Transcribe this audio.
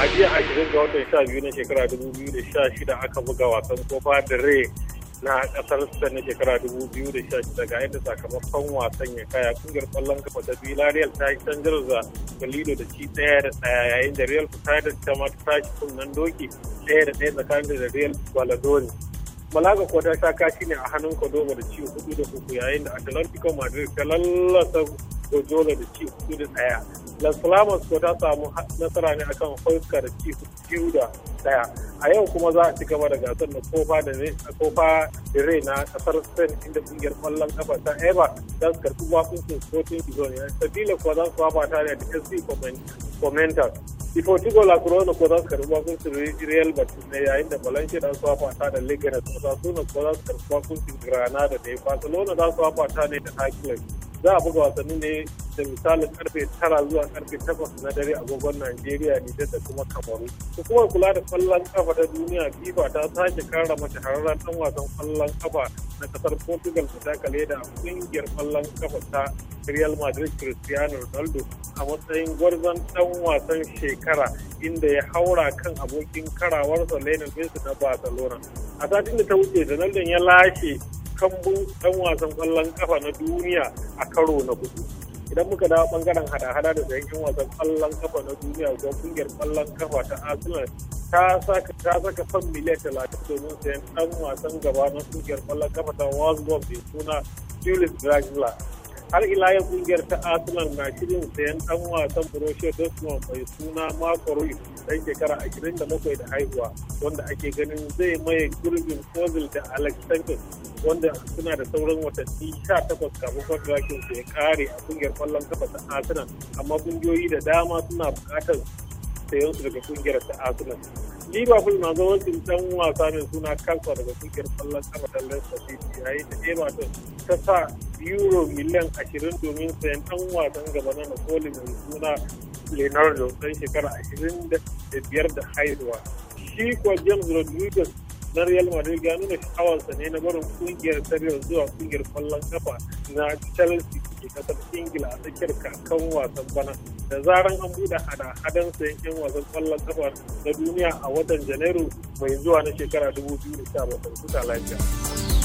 a jiya ashirin ga watan sha biyu na shekara dubu biyu da sha shida aka buga wasan kofa da re na kasar sudan na shekara dubu biyu da sha shida ga yadda sakamakon wasan ya kaya kungiyar kwallon kafa ta villarreal ta yi canjar da lido da ci daya da daya yayin da real da ta ma ta ci nan doki daya da ɗaya tsakanin da real valladolid malaga ko ta sha kashi ne a hannun kodoba da ci hudu da uku yayin da atlantico madrid ta lallasa gojola da ci hudu da daya las palmas ko ta samu nasara ne akan fuskar chiefs biyu da daya a yau kuma za a ci gaba da gasar na kofa da ne a kofa da rai na kasar spain inda kungiyar kwallon kafa ta eva za su karɓi su sporting zone ya sabila kuwa za su haɓa ne da sc commenters di portugal la corona ko za su karɓi su real batis ne yayin da valencia za su fafata da liganes osasuna ko za su karɓi bakuncin granada da barcelona za su fafata ne da hercules za a buga wasanni ne da misalin karfe tara zuwa karfe takwas na dare agogon Najeriya ne da da kuma Kamaru. Hukumar kula da kwallon kafa ta duniya FIFA ta sake kara mace hararren dan wasan kwallon kafa na kasar Portugal ta takale da kungiyar kwallon kafa ta Real Madrid Cristiano Ronaldo a matsayin gwarzon dan wasan shekara inda ya haura kan abokin karawarsa Lionel Messi na Barcelona. A satin da ta wuce Ronaldo ya lashe kambun dan wasan kwallon kafa na duniya a karo na hudu idan muka dawo bangaren hada-hada da sayan yan wasan kwallon kafa na duniya ko kungiyar kwallon kafa ta arsenal ta saka ta saka fan miliyan talatin domin sayan dan wasan gaba na kungiyar kwallon kafa ta wasbom mai suna julius dragula har ila yau kungiyar ta arsenal na shirin sayan dan wasan borussia dortmund mai suna marco rui dan shekara 27 da bakwai da haihuwa wanda ake ganin zai maye gurbin ozil da alex sanchez wanda suna da sauran watanni sha takwas kafin kwantarakin su ya kare a kungiyar kwallon kafa ta amma kungiyoyi da dama suna bukatar sayan su daga kungiyar ta arsenal liverpool na zawancin dan wasa ne suna kansa daga kungiyar kwallon kafa ta leicester city yayin da everton ta sa euro miliyan 20 domin sayan dan wasan gaba na napoli mai suna leonardo dan shekara 25 da haihuwa shi kuwa james rodriguez na Real Madrid ya nuna sha'awarsa ne na barin kungiyar Serie zuwa kungiyar kwallon kafa na Chelsea ke kasar Ingila a tsakiyar kakan wasan bana. Da zaran an buɗe hada-hadan sayan 'yan wasan kwallon kafa na duniya a watan Janairu mai zuwa na shekara 2017 lafiya.